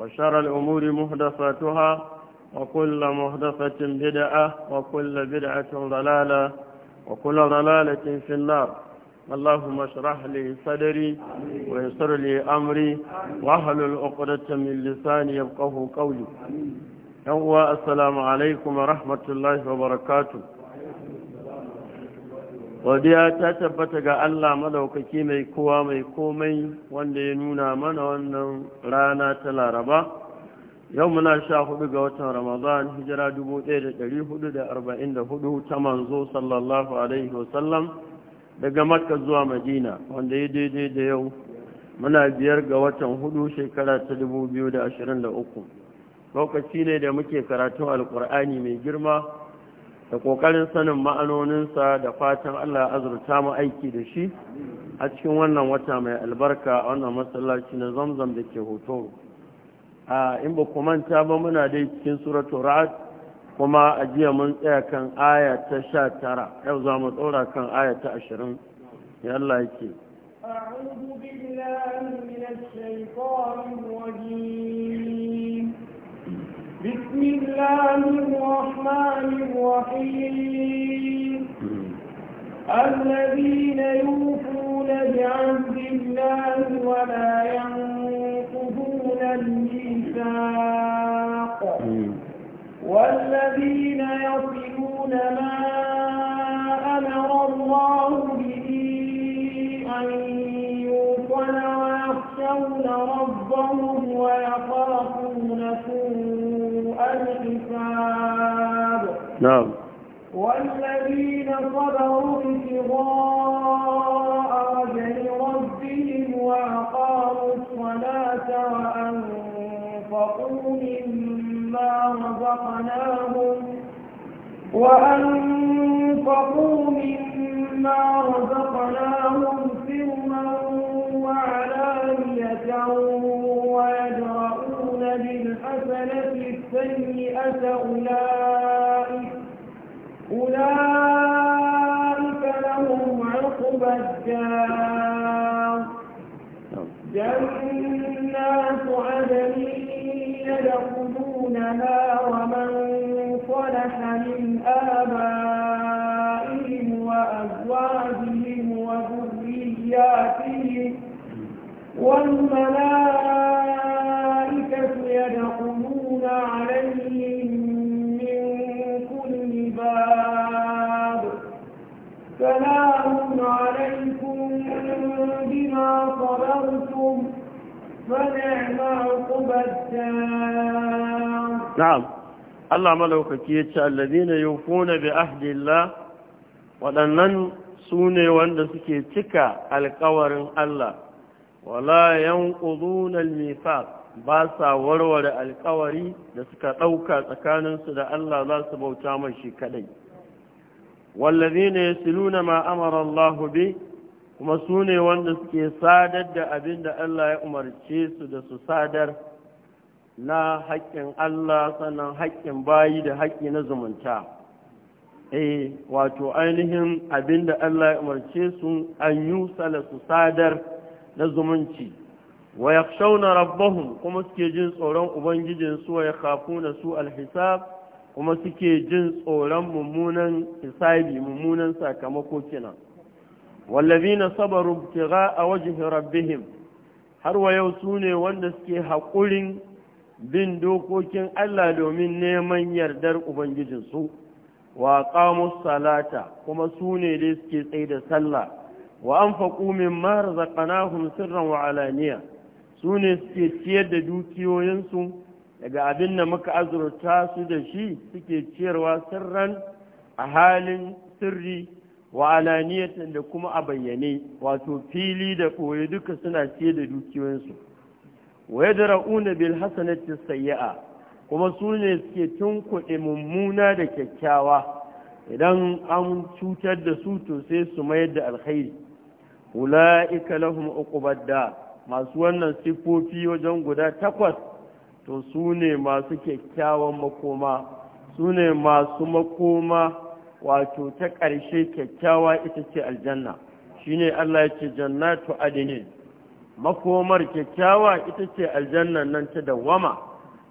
وشر الأمور مهدفاتها وكل مهدفة بدعة وكل بدعة ضلالة وكل ضلالة في النار اللهم اشرح لي صدري ويسر لي أمري وأهل الأقرة من لساني يبقه قولي السلام عليكم ورحمة الله وبركاته godiya ta tabbata ga Allah madaukaki mai kowa mai komai wanda ya nuna mana wannan rana ta laraba yau muna sha hudu ga watan ramadan hijira 1444 ta manzo sallallahu alaihi wasallam daga makka zuwa madina wanda ya daidai da yau muna biyar ga watan hudu shekara ta 2023 lokaci ne da muke karatun alkur'ani mai girma da ƙoƙarin sanin ma'anoninsa da fatan Allah ya azurta mu aiki da shi a cikin wannan wata mai albarka a wannan masallaci na zamzam da ke hoto a in ba ku manta ba muna dai cikin suratul ra'd kuma a jiya mun tsaya kan aya ta sha tara yau za mu tsora kan aya ta ashirin ya Allah yake أعوذ بالله من الشيطان الرجيم بسم الله الرحمن الرحيم الذين يوفون بعهد الله ولا ينقضون الميثاق والذين يصلون ما أمر الله به أن يوصل ويخشون ربهم ويخافون سوء الحساب نعم والذين صبروا ابتغاء وجه ربهم وأقاموا الصلاة وأنفقوا مما رزقناهم وأنفقوا مما رزقناهم سرا وعلانية ويدرؤون بالحسنة السيئة أولئك أولئك لهم عقب الدار جنات عدن يدخلونها ومن صلح من آبائهم وأزواجهم وذرياتهم والملائكة فنعم عقب الدار نعم الله ملوكك يتشاء الذين يوفون بعهد الله waɗannan su ne wanda suke cika alkawarin Allah wala yan ƙudunan mefaq ba sa warware alkawari da suka ɗauka tsakaninsu da Allah za su bauta shi kaɗai wallazi ne siluna ma amara Allah bi kuma su ne wanda suke sadar da abin da Allah ya umarce su da su sadar na haƙƙin Allah sannan haƙƙin bayi da haƙƙi na zumunta eh wato ainihin abin da Allah ya umarce su an yi sala su sadar na zumunci wa shauna rabbahum kuma suke jin tsoron ubangijin ya kafu na su alhisab kuma suke jin tsoron mummunan hisabi mummunan sakamako kenan wallazina sabaru ibtigha'a wajhi rabbihim har wa yau sune wanda suke hakurin bin dokokin Allah domin neman yardar su wa qamus salata kuma sune da suke tsaye da sallah wa anfaqu mimma razaqnahum sirran wa alaniya sune suke ciyar da dukiyoyinsu daga abin da muka azurta su da shi suke ciyarwa sirran a halin sirri wa alaniyatan da kuma a bayyane wato fili da koyi duka suna ce da dukiyoyinsu wa yadra'una bil hasanati sayyi'a kuma su ne suke tunkuɗe mummuna da kyakkyawa idan an cutar da su to sai su mayar da alkhairi ula'ika lahum uqubadda masu wannan sifofi wajen guda takwas to su ne masu kyakkyawan makoma su ne masu makoma wato ta ƙarshe kyakkyawa ita ce aljanna Shi ne Allah ya ce jannatu adini makomar kyakkyawa ita ce aljanna nan ta dawwama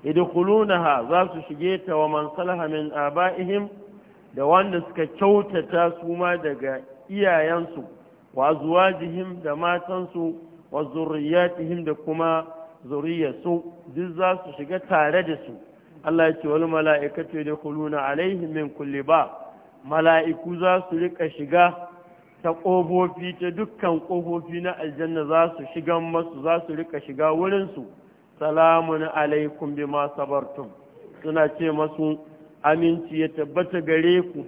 idkhulunaha za su shige ta wa man salaha min abaihim da wanda suka kyautata su ma daga iyayensu wa zuwajihim da matansu wa zurriyatihim da kuma zuriyarsu duk za su shiga tare da su Allah ya ce wal mala'ikatu yadkhuluna alaihim min kulli ba mala'iku za su riƙa shiga ta ƙofofi ta dukkan ƙofofi na aljanna za su shiga masu za su riƙa shiga wurinsu salamun alaikum bi ma sabartum suna ce masu aminci ya tabbata gare ku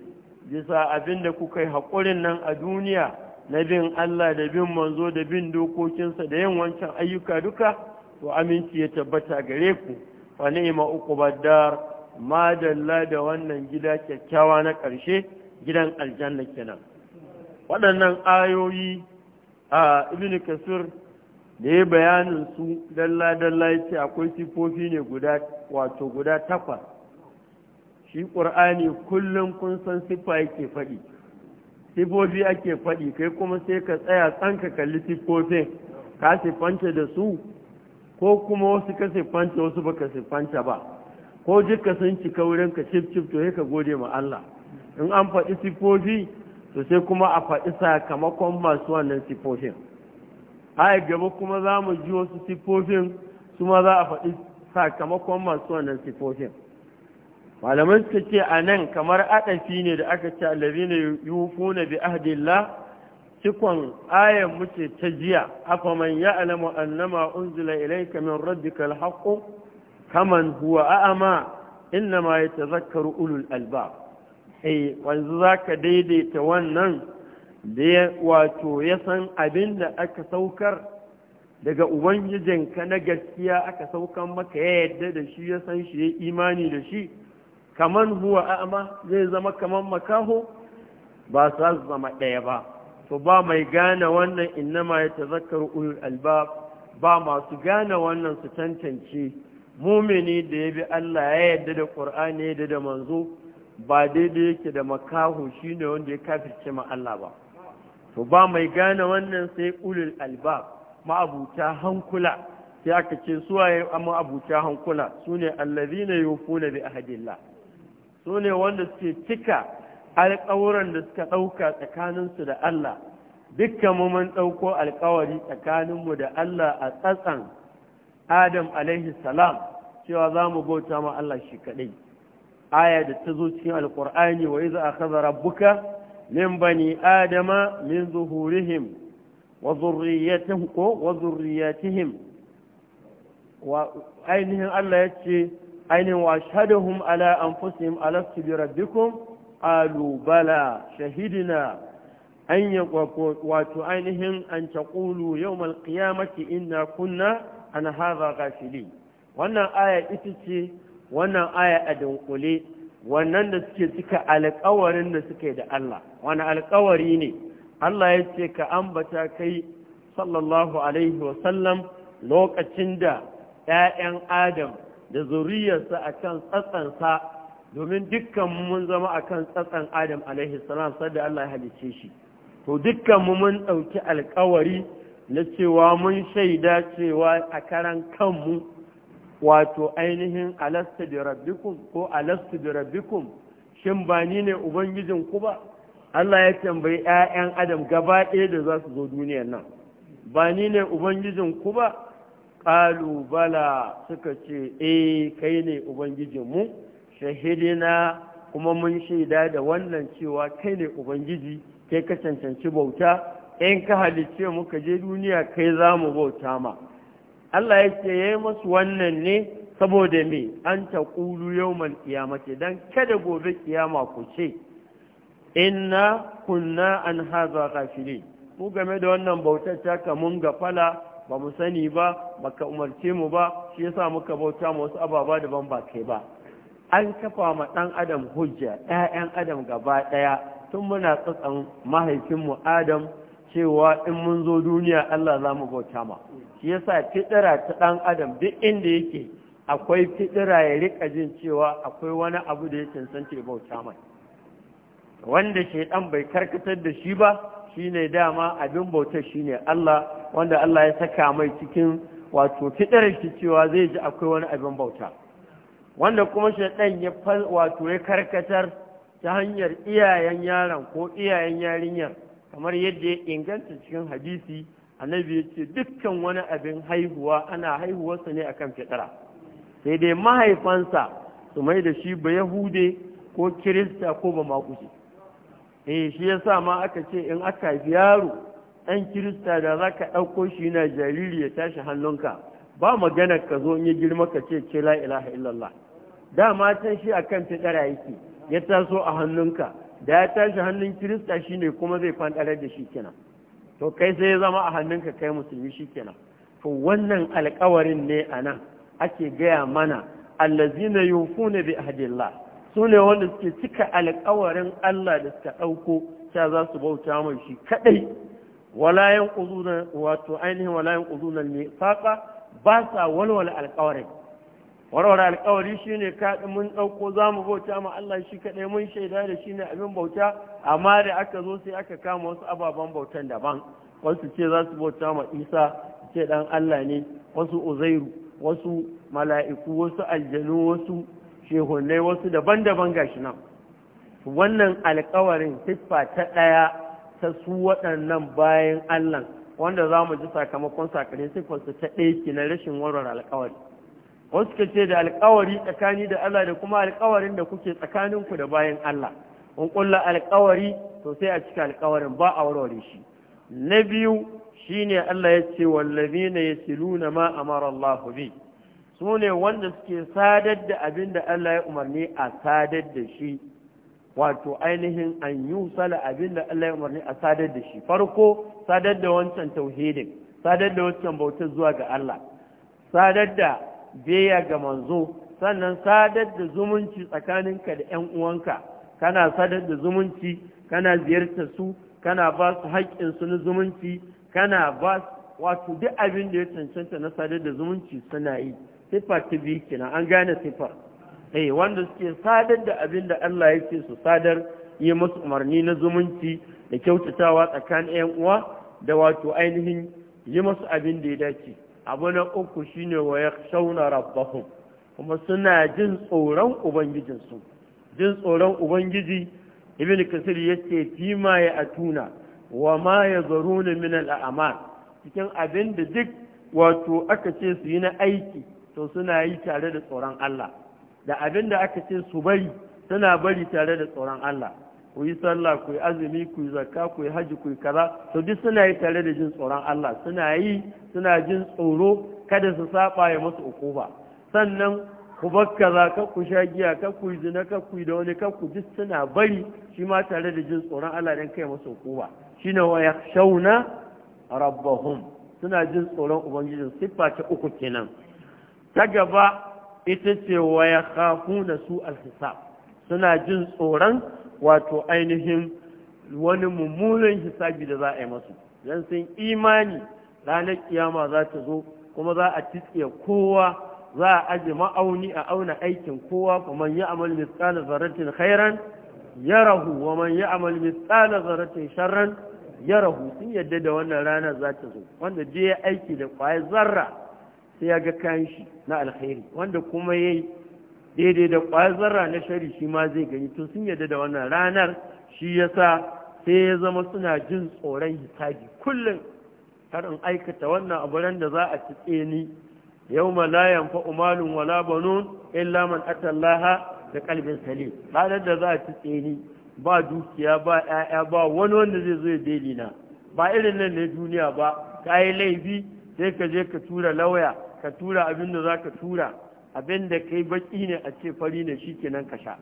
bisa abin da kuka yi haƙurin nan a duniya na bin Allah da bin manzo da bin dokokinsa da yin wancan ayyuka duka to aminci ya tabbata gare ku fa ni'ma uku baddar. madalla da wannan gida kyakkyawa na ƙarshe gidan aljanna kenan waɗannan ayoyi a ibn kasir da ya bayanin su dalla-dalla ya ce akwai sifofi ne guda wato guda takwas shi ƙur'ani kullum kun san siffa yake faɗi sifofi ake faɗi kai kuma sai ka tsaya ka kalli sifofin ka siffanta da su ko kuma wasu ka siffanta wasu ba ka siffanta ba ko jikka sun cika wurin ka cif cif to ka gode ma Allah in an faɗi sifofi to sai kuma a faɗi sakamakon masu wannan sifofin a gaba kuma za mu ji wasu sifofin su ma za a faɗi sakamakon masu wannan sifofin malamai suka ce a nan kamar aɗafi ne da aka ce allazi ne yufu na bi ahdillah cikon ayan muke ta jiya afaman ya alamu annama unzila ilayka min rabbika alhaqu kaman huwa a'ama innama yatazakkaru ulul albab eh wanzu zaka daidaita wannan da wato ya san abin da aka saukar daga ubangijinka na gaskiya aka saukan maka ya yadda da shi ya san shi ya imani da shi kaman huwa a'ama zai zama kaman makaho ba sa zama ɗaya ba to ba mai gane wannan innama yatazakkaru ulul albab ba masu gane wannan su tantance mumini da ya bi Allah ya yadda da ƙur'ani ya da manzo ba daidai yake da makahu shine wanda ya kafirce ma Allah ba to ba mai gane wannan sai ulul alba ma'abuta hankula sai aka ce suwaye ma'abuta hankula sune allazina yufuna bi ahadillah sune wanda suke cika alƙawuran da suka ɗauka tsakaninsu da Allah dukkan mu mun ɗauko alƙawari tsakaninmu da Allah a tsatsan Adam alaihi salam cewa za mu bauta ma Allah shi kaɗai aya da ta zo cikin alƙur'ani wa a kaza rabbuka min bani adama min zuhurihim wa zurriyatihim ko wa zurriyatihim ainihin Allah ya ce ainihin wa ashhaduhum ala an anfusihim alastu bi rabbikum qalu bala shahidina an yi wato ainihin an taƙulu yau malƙiyamaki inna kunna an haza gafili wannan aya ita ce wannan aya a dunkule wannan da suke cika alƙawarin da suke da Allah wani alƙawari ne Allah ya ce ka ambata kai sallallahu alaihi wasallam lokacin da ‘ya'yan Adam da zuriyarsa a kan tsatsansa domin dukkan mun zama a kan tsatsan Adam alaihi salam sadda Allah ya halice shi to dukkan mu mun ɗauki alƙawari na cewa mun shaida cewa a karan kanmu wato ainihin alasta da rabbikum ko alasta da rabbikum shin ba ni ne ubangijin ku ba Allah ya tambayi 'ya'yan adam gaba ɗaya da za su zo duniyar nan ba ni ne ubangijin ku ba qalu bala suka ce eh kai ne ubangijin mu shahidina kuma mun shaida da wannan cewa kai ne ubangiji kai ka cancanci bauta in ka halicce muka je duniya kai za mu bauta ma Allah ya ce yi musu wannan ne saboda me an kulu yawmal qiyamati dan kada gobe kiyama ku ce inna kunna an hadha ghafilin mu game da wannan bautar taka mun gafala ba mu sani ba baka umarce mu ba shi yasa muka bauta mu wasu ababa daban ba kai ba an kafa ma ɗan adam hujja ɗayan adam gaba ɗaya tun muna tsatsan mahaifinmu adam cewa in mun zo duniya Allah za mu bauta ma shi yasa fitira ta dan adam duk inda yake akwai fitira ya rika jin cewa akwai wani abu da ya san ce bauta mai wanda dan bai karkatar da shi ba shine dama abin bautar shine Allah wanda Allah ya saka mai cikin wato fitirar shi cewa zai ji akwai wani abin bauta wanda kuma dan ya wato ya karkatar ta hanyar iyayen yaron ko iyayen yarinyar kamar yadda ya inganta cikin hadisi annabi ya ce dukkan wani abin haihuwa ana haihuwarsa ne akan fitara sai dai mahaifansa su mai da shi ba yahude ko kirista ko ba makuci eh shi ya sa ma aka ce in aka haifi yaro ɗan kirista da za ka ɗauko shi na jariri ya tashi hannunka ba magana ka zo in ya girma ka ce ce la ilaha illallah dama can shi akan fitara yake ya taso a hannunka da ya tashi hannun kirista shine kuma zai kwantarar da shi kenan to kai sai ya zama a hannunka kai musulmi shi kenan to wannan alkawarin ne a nan ake gaya mana allazina yufuna bi ahdillah su ne wanda suke cika alkawarin Allah da suka ɗauko cewa za su bauta mai shi kaɗai walayan uzuna wato ainihin walayan uzuna ne faƙa ba sa walwala alkawarin warware alkawari shine kaɗi mun ɗauko za mu bauta ma Allah shi kaɗai mun shaida da shi ne abin bauta amma da aka zo sai aka kama wasu ababen bautan daban wasu ce za su bauta ma isa ce ɗan Allah ne wasu uzairu wasu mala'iku wasu aljanu wasu shehunai wasu daban-daban gashi nan wannan alkawarin siffa ta ɗaya ta su waɗannan bayan Allah wanda za mu ji sakamakon sakarin siffarsa ta ɗaya ke na rashin warware alkawari wasu suka ce da alkawari tsakani da Allah da kuma alkawarin da kuke tsakaninku da bayan Allah in kulla alkawari to sai a cika alkawarin ba a warware shi na biyu shine Allah ya ce ya yasiluna ma amara Allah bi su ne wanda suke sadar da abin da Allah ya umarni a sadar da shi wato ainihin an yi yusala abin da Allah ya umarni a sadar da shi farko sadar da wancan tauhidin sadar da wancan bautar zuwa ga Allah sadar da biyayya ga manzo sannan sadar da zumunci tsakaninka da ‘yan uwanka kana sadar da zumunci kana ziyartar su kana ba su haƙƙinsu na zumunci kana ba wato duk abin da ya cancanta na sadar da zumunci suna yi sifa ta biyu kenan an gane sifa eh wanda suke sadar da abin da Allah ya ce su sadar yi musu umarni na zumunci da kyautatawa tsakanin ‘yan uwa da wato ainihin yi musu abin da ya dace abu na uku shine wa ya shauna rabbahu kuma suna jin tsoron ubangijinsu jin tsoron ubangiji ibn kasir fi ma ya atuna wa ma ya ne minan al'amal cikin abin da duk wato aka ce su yi na aiki to suna yi tare da tsoron Allah da abin da aka ce su bari suna bari tare da tsoron Allah ku yi sallah ku yi azumi ku yi zakka ku yi haji ku yi kaza to duk suna yi tare da jin tsoron Allah suna yi suna jin tsoro kada su saba ya musu ukuba sannan ku bar kaza ka ku sha giya ka ku yi zina ka ku yi da wani ka ku duk suna bari shi ma tare da jin tsoron Allah dan kai musu ukuba shine wa yakhshawna rabbahum suna jin tsoron ubangijin siffa ta uku kenan ta gaba ita ce wa yakhafuna su al-hisab suna jin tsoron wato ainihin wani mummunan hisabi da za a yi masu don sun imani ranar kiyama za ta zo kuma za a tiske kowa za a aje ma'auni a auna aikin kowa fa man ya'mal mithqala dharratin khairan rahu wa man ya'mal mithqala dharratin sharran yarahu sun yadda da wannan ranar za ta zo wanda je ya aiki da kwaya zarra sai ya ga kayan shi na alkhairi wanda kuma yayi daidai da ƙwazon ranar shari shi ma zai gani tun sun yadda da wannan ranar shi yasa sai ya zama suna jin tsoron hisabi kullum kar in aikata wannan abu da za a ci tseni yau ma la yanfa umalun wala banun illa man atallaha da kalbin sale ranar da za a ci tseni ba dukiya ba ƴaƴa ba wani wanda zai zo ya daili na ba irin nan ne duniya ba ka yi laifi sai ka je ka tura lauya ka tura abin da za ka tura abin da kai baki ne a ce fari ne shi kenan ka sha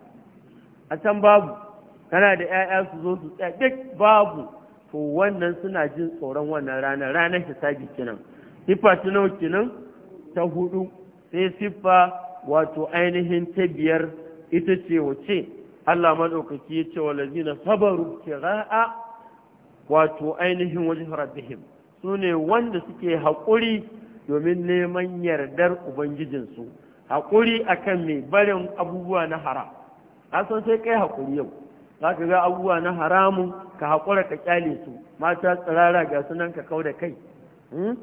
a can babu kana da 'ya'ya su zo su tsaya duk babu to wannan suna jin tsoron wannan rana ranar hisabi kenan siffa ta nawa kenan ta hudu sai siffa wato ainihin ta biyar ita ce wace Allah madaukaki ya ce walazina sabaru kira'a wato ainihin wajen rabbihim su ne wanda suke haƙuri domin neman yardar ubangijinsu haƙuri akan mai barin abubuwa na haram san sai kai haƙuri yau za ka ga abubuwa na haramun ka haƙura ka kyale su mata tsirara ga sunan ka kau da kai hmm?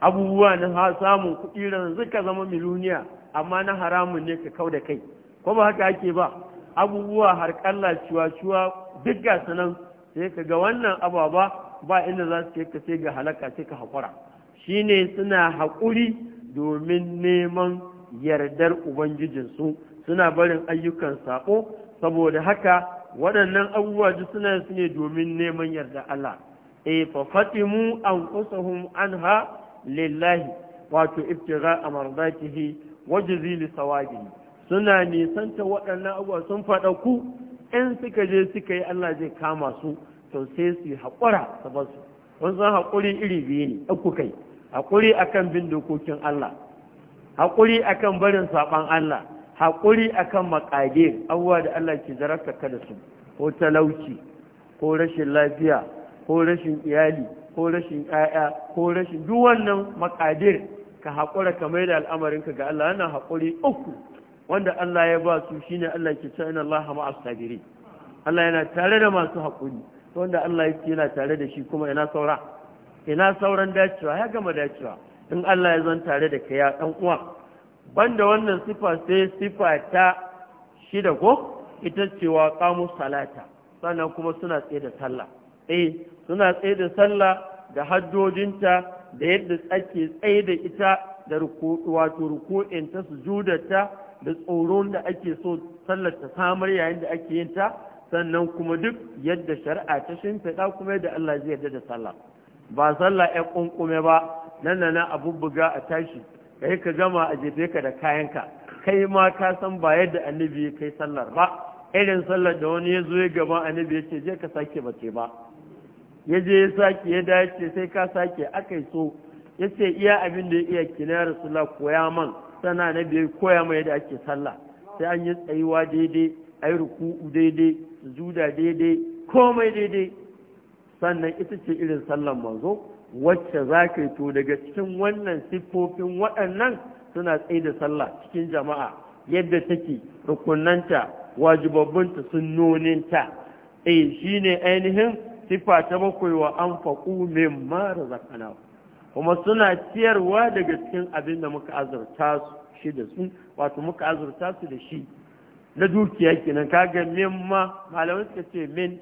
abubuwa na samun kuɗi yanzu ka zama miluniya amma na haramun ne ka kau da kai ko ba haka ake ba abubuwa har kalla shuwa shuwa duk ga sunan sai ka ga wannan ababa ba inda za su ka sai ga halaka sai ka haƙura shine suna haƙuri domin neman yardar ubangijinsu suna barin ayyukan saƙo saboda haka waɗannan abubuwa duk suna su ne domin neman yarda Allah e fa fatimu anfusahum anha lillahi wato ibtigha amardatihi wa jazili sawabi suna nisanta waɗannan abubuwa sun faɗa ku in suka je suka yi Allah zai kama su to sai su haƙura su basu wani haƙuri iri biyu ne ɗauku kai haƙuri akan bin dokokin Allah haƙuri akan barin saɓan Allah haƙuri akan maƙage abubuwa da Allah ke zarafta ka da su ko talauci ko rashin lafiya ko rashin iyali ko rashin ƴaƴa ko rashin duk wannan maƙadir ka haƙura ka mai da al'amarinka ga Allah wannan haƙuri uku wanda Allah ya ba su shine Allah ke ta, inna Allah ma asabiri Allah yana tare da masu haƙuri wanda Allah ya ce yana tare da shi kuma ina saura ina sauran dacewa ya gama dacewa in Allah ya zan tare da ka ya ɗan uwa banda wannan sifa sai sifa ta shida ko ita cewa kamu salata sannan kuma suna tsaye da sallah eh suna tsaye da sallah da haddojinta da yadda ake tsaye da ita da wato sujuda ta da tsoron da ake so sallar ta samar yayin da ake yin ta sannan kuma duk yadda shari'a ta shimfiɗa kuma yadda Allah zai yarda da sallah ba sallah ya kunkume ba nan na na buga a tashi yi ka gama a jefe ka da kayanka kai ma ka san ba yadda annabi ya kai sallar ba irin sallar da wani ya zo ya gaba annabi ya ce je ka sake bace ba ya je ya sake ya dace sai ka sake aka yi so ya ce iya abin da ya iya kina ya la koya man sana na biyar koya mai yadda ake sallah sai an yi tsayuwa daidai a yi ruku'u daidai sujuda daidai komai daidai sannan ita ce irin sallar manzo wacce za ka yi to daga cikin wannan siffofin waɗannan suna tsaye da sallah cikin jama'a yadda take rukunanta wajibabbinta sunnoninta eh shine ainihin siffa ta bakwai wa an faƙu min mara zakana kuma suna ciyarwa daga cikin abin da muka azurta su shi da su wato muka azurta su da shi na dukiya kenan kaga min ma malamai suka ce min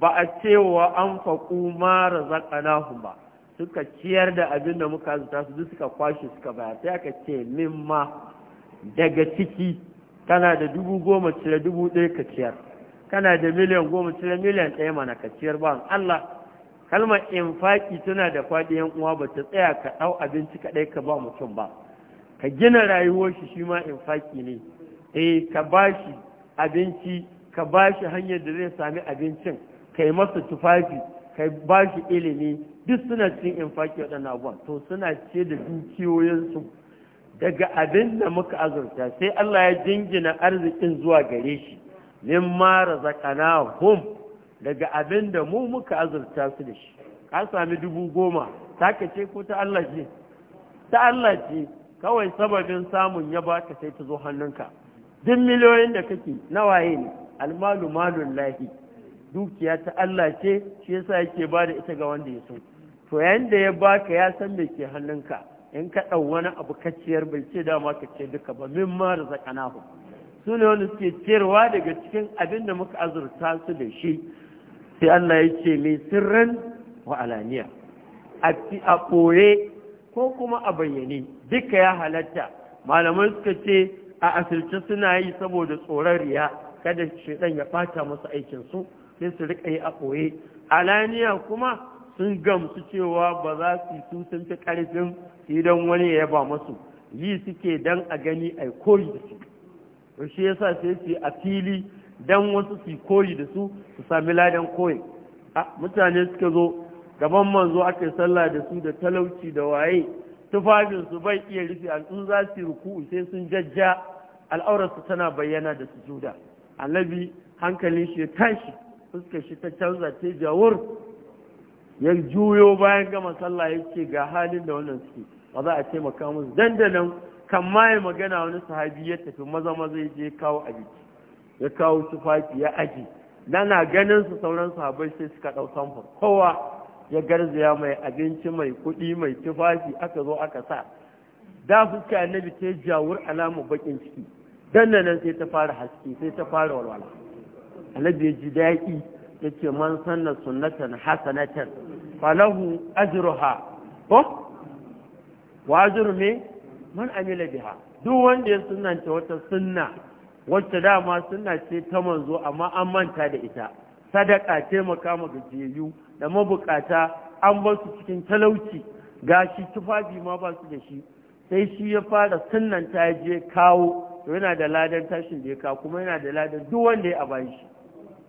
ba a cewa an faƙu mara zakana ba suka ciyar da abin da muka zuta su duk suka kwashe suka baya sai aka ce mimma daga ciki kana da dubu goma cire dubu ɗaya ka ciyar kana da miliyan goma cire miliyan ɗaya mana ka ciyar ba Allah kalmar infaki tana da faɗi yan uwa ba ta tsaya ka ɗau abinci kaɗai ka ba mutum ba ka gina rayuwar shi shi ma infaki ne eh ka ba shi abinci ka ba shi hanyar da zai sami abincin kai masa tufafi kai ba shi ilimi duk suna cikin infaki waɗannan abubuwan to suna ce da dukiyoyinsu daga abin da muka azurta sai Allah ya jingina arzikin zuwa gare shi mara razaqana hum daga abin da mu muka azurta su da shi ka sami dubu goma ta ka ce ko ta Allah ce ta Allah ce kawai sababin samun ya baka sai ta zo hannunka duk miliyoyin da kake nawaye ne almalu malun lahi dukiya ta Allah ce shi yasa yake ba da ita ga wanda ya so to yayin da ya baka ya san me ke hannunka in ka ɗau wani abu kaciyar bai ce dama ka ce duka ba min ma hu su ne suke cewa daga cikin abin da muka azurta su da shi sai Allah ya ce mai sirran wa alaniya a ɓoye ko kuma a bayyane duka ya halatta malamai suka ce a asirce suna yi saboda tsoron riya kada shi ya ɓata musu aikinsu sai su riƙa yi a ɓoye alaniya kuma sun gamsu cewa ba za su su sun fi ƙarfin idan wani ya yaba masu yi suke dan a gani a koyi da su ba shi sa sai su a fili dan wasu su koyi da su su sami ladan koyi mutane suka zo gaban manzo aka sallah da su da talauci da waye tufafin su bai iya rufe in za su ruku sai sun jajja al'aurarsu tana bayyana da su juda annabi hankalin shi ya tashi fuskar shi ta canza ta jawur ya juyo bayan gama sallah ya ce ga halin da wannan suke ba za a taimaka musu dandanan kan maye magana wani sahabi ya tafi maza maza ya je kawo abinci ya kawo tufafi ya aji nana ganin su sauran sahabai sai suka ɗau samfur kowa ya garzaya mai abinci mai kuɗi mai tufafi aka zo aka sa da fuska annabi ta jawur alamu bakin ciki dandanan sai ta fara haske sai ta fara walwala annabi ya ji daɗi yace man sanna sunnatan hasanatan falahu ajruha ko wa ajru me man amila biha duk wanda ya sunnanta wata sunna wacce dama sunna ce ta manzo amma an manta da ita sadaka taimaka ma gajiyayyu da mabukata an bar su cikin talauci gashi tufafi ma ba su da shi sai shi ya fara sunnan ta je kawo yana da ladan tashin da ya kawo kuma yana da ladan duk wanda ya abayi shi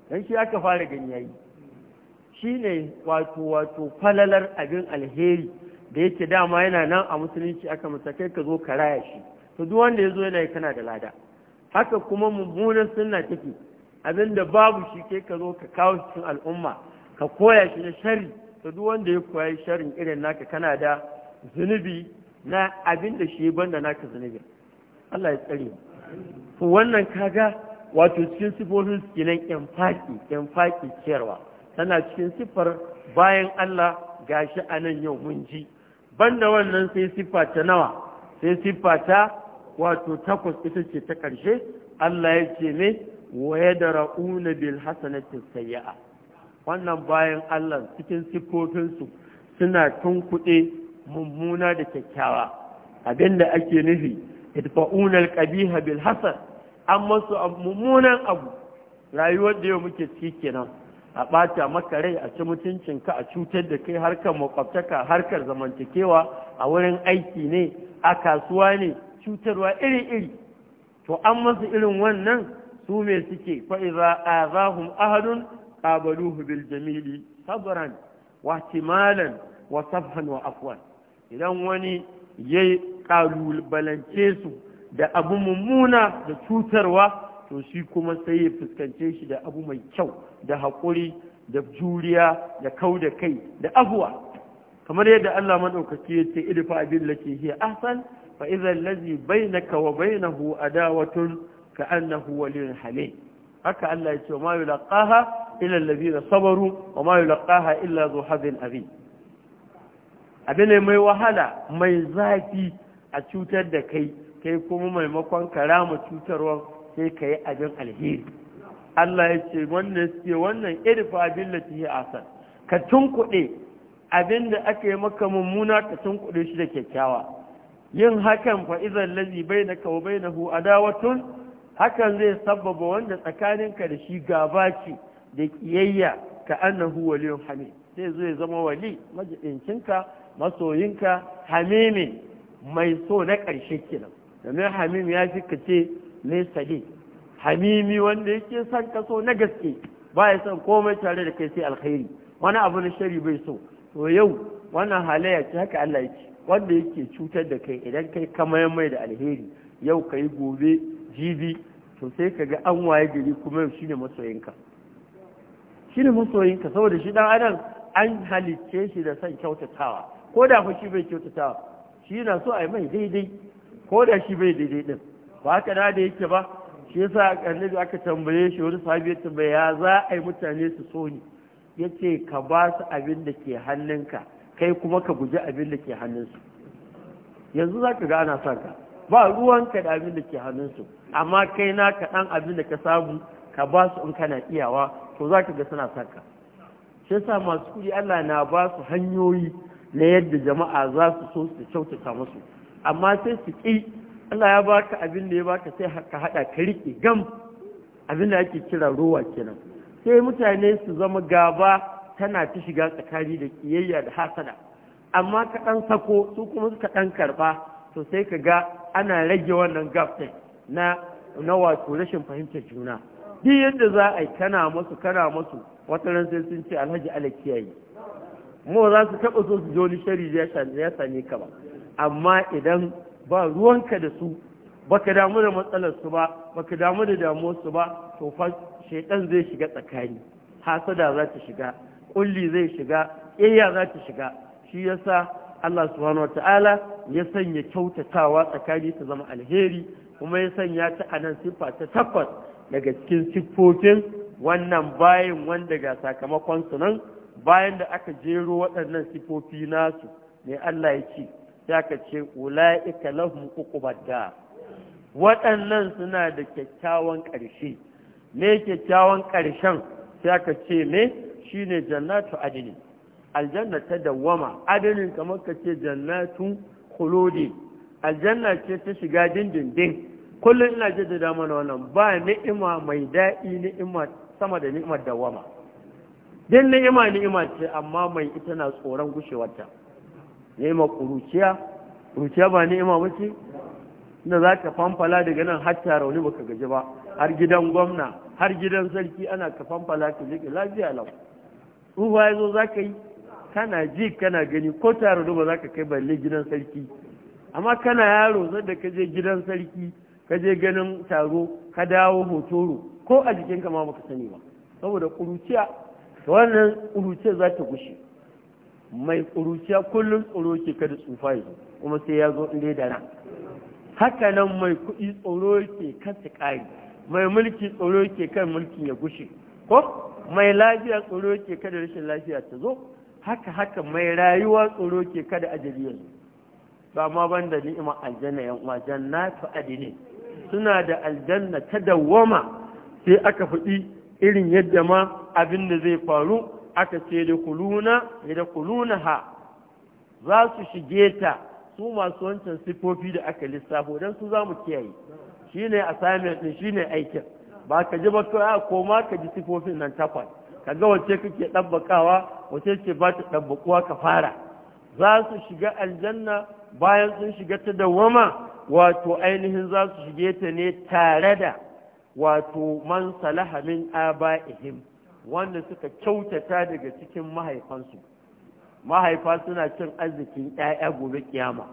don shi aka fara gani yayi shi ne wato wato falalar abin alheri da yake dama yana nan a musulunci aka masa kai ka zo ka raya shi to duk wanda ya zo yana yi kana da lada haka kuma mummunan sunna take abinda babu shi kai ka zo ka kawo cikin al'umma ka koya shi na shari to duk wanda ya koya sharin irin naka kana da zunubi na abin da shi banda naka zunubi Allah ya tsare to wannan kaga wato cikin sifofin su kenan infaki infaki ciyarwa tana cikin siffar bayan Allah gashi a nan yau mun ji banda wannan sai sifa ta nawa sai sifa ta wato takwas ita ce ta ƙarshe Allah ya ce ne waye da ra'una bil hasanatin sayya'a wannan bayan Allah cikin su suna tun kuɗe mummuna da kyakkyawa abinda ake nufi al qabiha bil hasan an masu mummunan abu rayuwar da yau muke ciki kenan a ɓata maka rai a ci ka a cutar da kai harkar makwabtaka harkar zamantakewa a wurin aiki ne a kasuwa ne cutarwa iri-iri to an masu irin wannan su me suke fa'iza a zahun ahadun ƙabaluhu hubil jamili sabran wa timalan wa safhan wa afwan idan wani ya ƙalubalance su da abu mummuna da cutarwa to shi kuma sai ya fuskance shi da abu mai kyau da haƙuri da juriya da kau da kai da abuwa kamar yadda Allah madaukaki ya ce idfa abin lati hiya ahsan fa kawo bai bainaka wa bainahu adawatun ka annahu waliyyun halim haka Allah ya ce ma yulqaha illa allazina sabaru wa ma yulqaha illa zu hadin azim abin mai wahala mai zafi a cutar da kai kai kuma maimakon karama rama cutarwar sai ka yi abin alheri Allah ya ce wannan ce wannan irfa billati ya asal ka tunkuɗe abin da aka yi maka mummuna ka tunkuɗe shi da kyakkyawa yin hakan fa idan lazi bainaka wa bainahu adawatun hakan zai sabbaba wanda tsakaninka da shi gaba ce da kiyayya ka annahu waliyun hamid sai zai zama wali majidincinka masoyinka Hamimin mai so na ƙarshe kenan domin hamim ya fi kace mai ne sahi hamimi wanda yake son kaso na gaske ba ya son komai tare da kai sai alkhairi wani abu na shari bai so to yau wannan halayya ce haka Allah yake wanda yake cutar da kai idan kai kamar mai da alheri yau ka yi gobe jibi to sai ka ga an waye gari kuma yau shine masoyinka shine masoyinka saboda shi dan adam an halicce shi da son kyautatawa ko da fa shi bai kyautatawa shi na so a yi mai daidai ko da shi bai daidai din ba haka na da yake ba shi yasa annabi aka tambaye shi wani sahabi ya tambaye ya za a yi mutane su so ni yace ka ba su abin da ke hannunka kai kuma ka guji abin da ke hannunsu yanzu za ka ga ana son ka ba ka da abin da ke hannunsu amma kai na kaɗan abin da ka samu ka ba su in kana iyawa to za ka ga suna son ka shi yasa masu kuɗi Allah na ba su hanyoyi na yadda jama'a za su so su kyautata musu amma sai su ƙi Allah ya baka abin da ya baka sai ka haɗa ka riƙe gam abin da ake kira rowa kenan sai mutane su zama gaba tana ta shiga tsakani da ƙiyayya da hasada amma ka ɗan sako su kuma suka ɗan karɓa to ka ga ana rage wannan gap ɗin na na wato rashin fahimtar juna duk yadda za a yi kana masu kana masu wata ran sai sun ce alhaji ala kiyaye mu za su taɓa so su ji wani shari ya same ka ba amma idan ba ruwanka da su baka damu da matsalarsu ba baka damu da damuwarsu ba to fa shaidan zai shiga tsakani hasada za ta shiga kulli zai shiga ƙiyya za ta shiga shi ya sa Allah subhanahu ta'ala ya sanya kyautatawa tsakani ta zama alheri kuma ya sanya ta anan siffa ta takwas daga cikin siffofin wannan bayan wanda ga sakamakon su nan bayan da aka jero waɗannan siffofi nasu ne Allah ya ce sai aka ce ula'ika lahum uqubadda waɗannan suna da kyakkyawan ƙarshe me kyakkyawan ƙarshen sai aka ce me shine jannatu adini aljanna ta dawwama adini kamar ka ce jannatu khuludi aljanna ce ta shiga dindindin kullum ina da mana wannan ba ni'ima mai daɗi ni'ima sama da ni'imar dawwama din ni'ima ni'ima ce amma mai ita na tsoron gushewarta ni'ima kuruciya kuruciya ba ni'ima ba ce inda za ka famfala daga nan hatta rauni ka gaji ba har gidan gwamna har gidan sarki ana ka famfala ka je lafiya lau tsufa ya zo za ka yi kana ji kana gani ko taro da ba za ka kai balle gidan sarki amma kana yaro zai da ka je gidan sarki ka je ganin taro ka dawo hotoro ko a jikinka ma baka sani ba saboda kuruciya wannan kuruciya za ta gushe mai ƙuruciya kullum tsoro ke kada tsufa yi kuma sai ya zo inda da haka nan mai kuɗi tsoro ke kasa ƙari mai mulki tsoro ke kan mulkin ya gushe ko mai lafiya tsoro ke kada rashin lafiya ta zo haka haka mai rayuwa tsoro ke kada ajali ya zo ba ma ban da ni'ima aljanna yan uwa jannatu adini suna da aljanna ta dawwama sai aka faɗi irin yadda ma abin da zai faru aka ce da kuluna da kuluna ha za su shige ta su masu wancan sifofi da aka lissafo don su za mu kiyaye shi ne assignment ɗin shi ne aikin ba ka ji ba a koma ka ji sifofin nan takwas ka ga wace kake ɗabbakawa wace ce ba ta ɗabbakuwa ka fara za su shiga aljanna bayan sun shiga ta wama wato ainihin za su shige ta ne tare da wato man salaha min aba'ihim wanda suka kyautata daga cikin mahaifansu mahaifa suna cin arzikin ƴaƴa gobe kiyama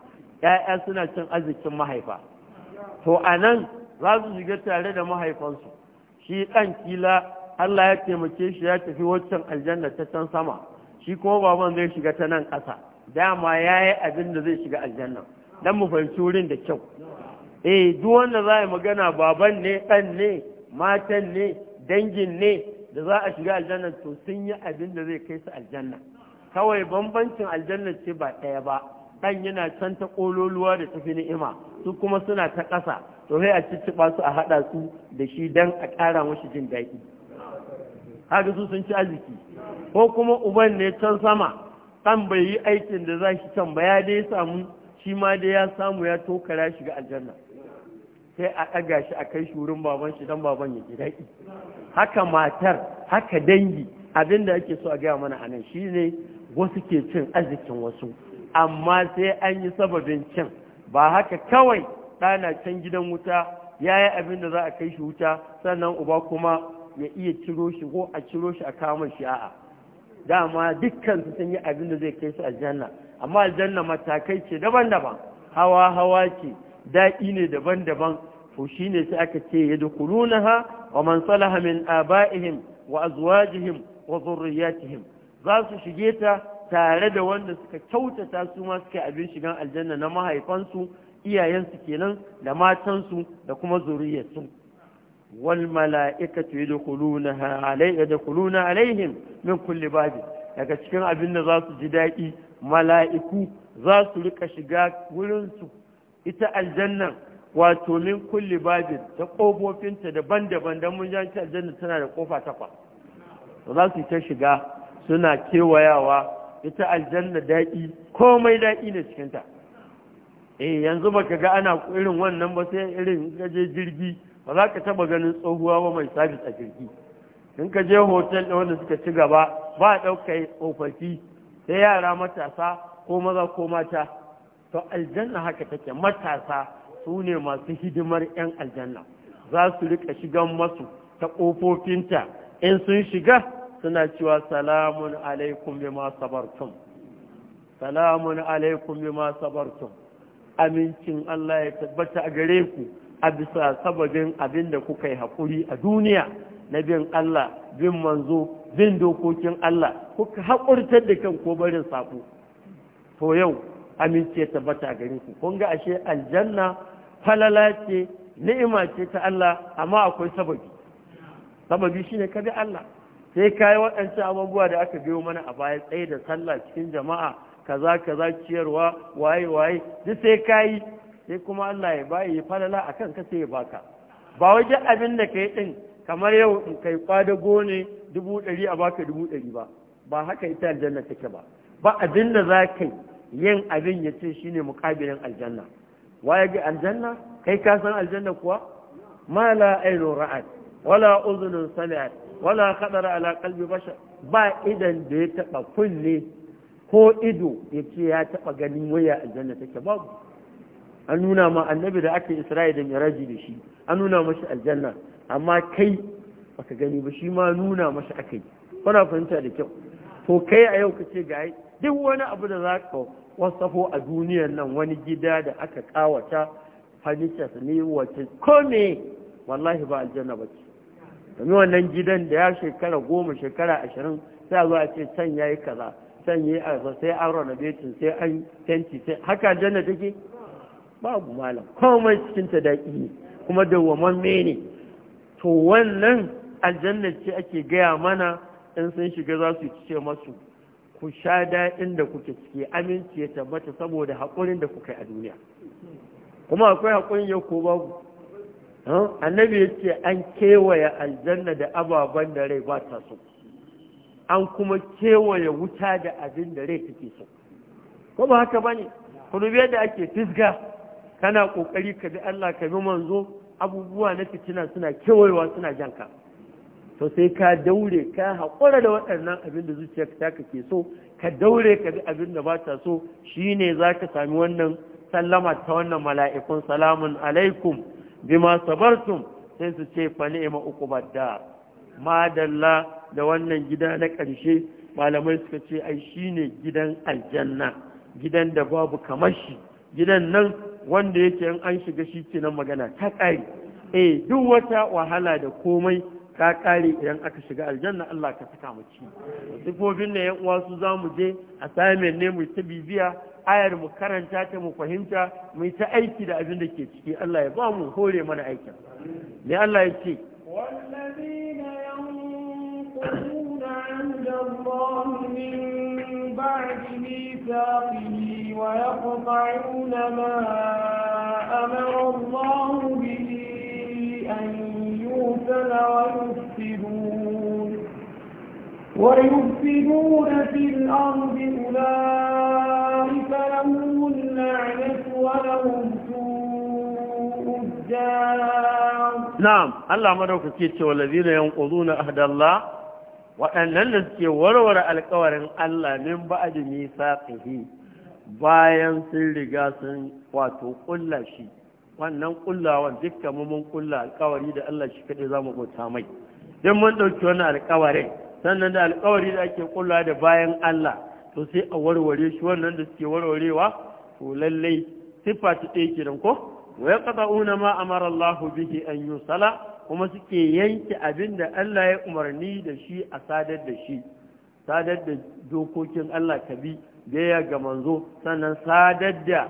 ƴaƴa suna cin arzikin mahaifa to anan za su shiga tare da mahaifansu shi ɗan kila Allah ya taimake shi ya tafi waccan aljanna ta can sama shi kuma baban zai shiga ta nan ƙasa dama ya yi abin da zai shiga aljanna don mu fahimci wurin da kyau eh duk wanda za yi magana baban ne ɗan ne matan ne dangin ne da za a shiga aljanna to sun yi abin da zai kai su aljanna kawai bambancin aljanna ce ba ɗaya ba ɗan yana can ta ƙololuwa da tafi ni'ima su kuma suna ta ƙasa to sai a cicciɓa su a haɗa su da shi dan a ƙara mashi jin daɗi haka su sun ci arziki ko kuma uban ne can sama ɗan bai yi aikin da za shi can ba ya dai samu shi ma dai ya samu ya tokara shiga aljanna sai a ɗaga shi a kai shi wurin baban shi dan baban ya ji daɗi haka matar haka dangi abinda ake so a gaya mana a nan ne wasu ke cin arzikin wasu amma sai an yi sababin cin ba haka kawai ɗana can gidan wuta ya yi abin za a kai shi wuta sannan uba kuma ya iya ciro shi ko a ciro shi a kama shi a'a dama dukkan su sun yi abin zai kai su aljanna amma aljanna matakai ce daban-daban hawa hawa ce daɗi ne daban-daban to ne sai aka ce yadkhulunaha wa man salaha min aba'ihim wa azwajihim wa dhurriyyatihim za su shige ta tare da wanda suka kyautata su ma suke abin shigan aljanna na mahaifansu iyayensu kenan da matansu da kuma zuriyarsu wal mala'ikatu yadkhulunaha alayhi yadkhuluna alaihim min kulli babi daga cikin abin da za su ji daɗi mala'iku za su rika shiga wurinsu ita aljannan wato min kulli babin ta kofofinta daban-daban don mun janci aljanna tana da kofa takwa za su ta shiga suna kewayawa ita aljanna daɗi komai daɗi ne cikinta eh yanzu baka ga ana irin wannan ba sai irin gaje jirgi ba za ka taba ganin tsohuwa ba mai sabis a jirgi in ka je hotel da wanda suka ci gaba ba a ɗaukar tsofaffi sai yara matasa ko maza ko mata to aljanna haka take matasa su ne masu hidimar 'yan aljanna za su rika shigan masu ta ƙofofinta in sun shiga suna cewa salamun alaikum bima sabartum salamun alaikum bima sabartum amincin Allah ya tabbata a gare ku a bisa sababin abin da kuka yi haƙuri a duniya na bin Allah bin manzo bin dokokin Allah kuka haƙurtar da kan ko barin saƙo to yau aminci ya tabbata a gare ku kun ga ashe aljanna falala ce ni'ima ce ta Allah amma akwai sababi sababi shine ka bi Allah sai kai waɗancan abubuwa da aka biyo mana a baya tsaye da sallah cikin jama'a kaza kaza ciyarwa waye waye duk sai kai sai kuma Allah ya bayi ya falala akan ka sai ya baka ba wajen abin da kai din kamar yau in kai kwadago ne dubu ɗari a baka dubu ɗari ba ba haka ita aljanna take ba ba abin da za ka yin abin ya ce shine mukabilin aljanna waye ga aljanna kai ka san aljanna kuwa ma la ainu ra'at wala uzunun sami'at wala khadara ala qalbi bashar ba idan da ya taba kulle ko ido yace ya taba ganin waya aljanna take babu an nuna ma annabi da aka isra'i da miraji da shi an nuna mashi aljanna amma kai baka gani ba shi ma nuna mashi aka yi kuna fahimta da kyau to kai a yau kace ga duk wani abu da za ka wasafo a duniyar nan wani gida da aka kawata fanishas ne wace kome wallahi ba aljanna ba ce domin wannan gidan da ya shekara goma shekara ashirin sai a zo a ce can ya yi kaza can ya yi arza sai an rana renovation sai an tenti sai haka aljanna take babu malam komai cikin ta daɗi, ne kuma waman ne to wannan aljanna ce ake gaya mana in sun shiga za su ce masu ku sha daɗin da kuke ciki aminci ya tabbata saboda haƙurin da kuka yi a duniya kuma akwai haƙurin ya ko babu annabi ya ce an kewaye aljanna da ababen da rai ba ta so an kuma kewaye wuta da abin da rai take so ko ba haka ba bane kurbe da ake fisga kana ƙoƙari ka bi Allah ka bi manzo abubuwa na fitina suna kewayewa suna janka to sai ka daure ka haƙura da waɗannan abin da zuciyarka ta ke so ka daure ka bi abin da ba ta so shi ne za ka sami wannan sallama ta wannan mala'ikun salamun alaikum bima sabartum sai su ce fa ni'ma uqubadda madalla da wannan gida na ƙarshe malamai suka ce ai ne gidan aljanna gidan da babu kamar shi gidan nan wanda yake an shiga shi kenan magana ta ƙari eh duk wata wahala da komai ka kare idan aka shiga aljanna Allah ka saka mu ci sifofin ne yan uwa su za mu je assignment ne mu ta bibiya ayar mu karanta ta mu fahimta mu ta aiki da abin da ke ciki Allah ya ba mu hore mana aikin ne Allah ya ce wallazina ينقضون عهد الله من بعد أن يوثل ويفسدون ويفسدون في الأرض أولئك لهم النعمة ولهم سوء الدار نعم الله مدوك كيتش والذين ينقضون أهد الله وأن ننسك ورور القوار الله من بعد ميثاقه باين سلقاس واتو قل شيء wannan kullawan dukkan mu mun kulla alkawari da Allah shi kaɗai za mu bauta mai don mun ɗauki wannan alƙawari sannan da alƙawari da ake kulla da bayan Allah to sai a warware shi wannan da suke warwarewa to lallai sifa ta ɗaya kenan ko wa ya una ma amara Allah bihi an yusala kuma suke yanke abin da Allah ya umarni da shi a sadar da shi sadar da dokokin Allah kabi biyayya ga manzo sannan sadar da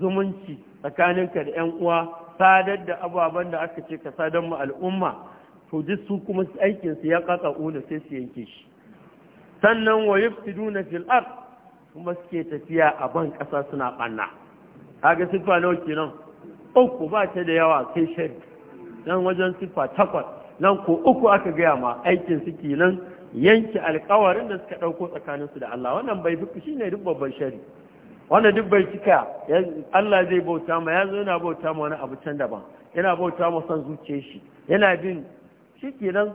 zumunci tsakaninka da 'yan uwa sadar da ababen da aka ce ka sadar mu al'umma to duk su kuma aikinsu ya kasa una sai su yanke shi sannan wa yufsiduna fil ard kuma suke tafiya a ban ƙasa suna ɓanna kaga siffa nawa kenan uku ba ta da yawa sai shari nan wajen siffa takwas nan ko uku aka gaya ma aikin su kenan yanke alkawarin da suka ɗauko tsakaninsu da Allah wannan bai fi shi ne duk babban shari wanda duk bai cika Allah zai bauta ma ya zo yana bauta ma wani abu can daban yana bauta ma san zuciyar shi yana bin shi kenan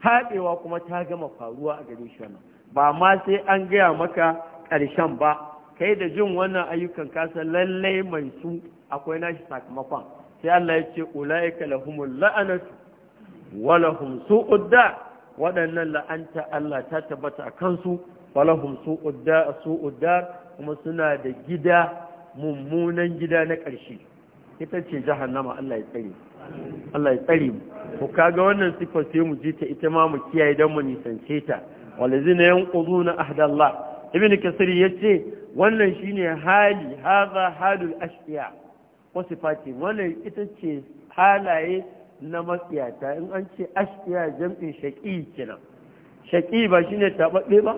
haɗewa kuma ta gama faruwa a gare shi wannan ba ma sai an gaya maka ƙarshen ba kai da jin wannan ayyukan kasa lallai mai su akwai nashi sakamakon sai Allah ya ce ula'ika lahumul la'anatu wa lahum su'ud da waɗannan la'anta Allah ta tabbata a kansu wa lahum su'ud da kuma suna da gida mummunan gida na ƙarshe ita ce jahannama Allah ya tsare Allah ya tsare mu ku kaga wannan sifar sai mu ji ta ita ma mu kiyaye dan mu nisance ta walazina yanquduna ahdallah ibn kasir yace wannan shine hali hadha halul ashiya wa sifati wannan ita ce halaye na matsiyata in an ce ashiya jam'in shaqi kenan shaqi ba shine tababbe ba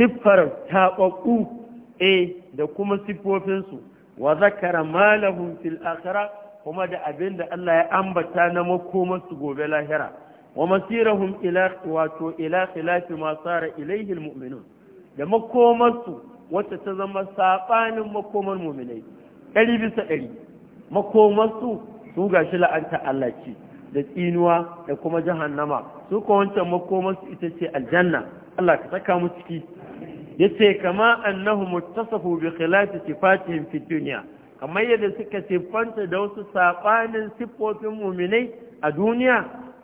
siffar tababbu eh da kuma siffofinsu wa zakara malahun fil akhira kuma da abinda Allah ya ambata na su gobe lahira wa masirahum ila wato ila khilafi ma sara ilaihi almu'minun da su wacce ta zama sabanin makoman mu'minai ɗari bisa ɗari makomansu su gashi la'anta Allah ce da tsinuwa da kuma jahannama su ko wancan makomansu ita ce aljanna Allah ka saka mu ciki yace kama annahu muttasafu bi khilafi sifatihim fi dunya kamar yadda suka sifanta da wasu sabanin siffofin mu'minai a duniya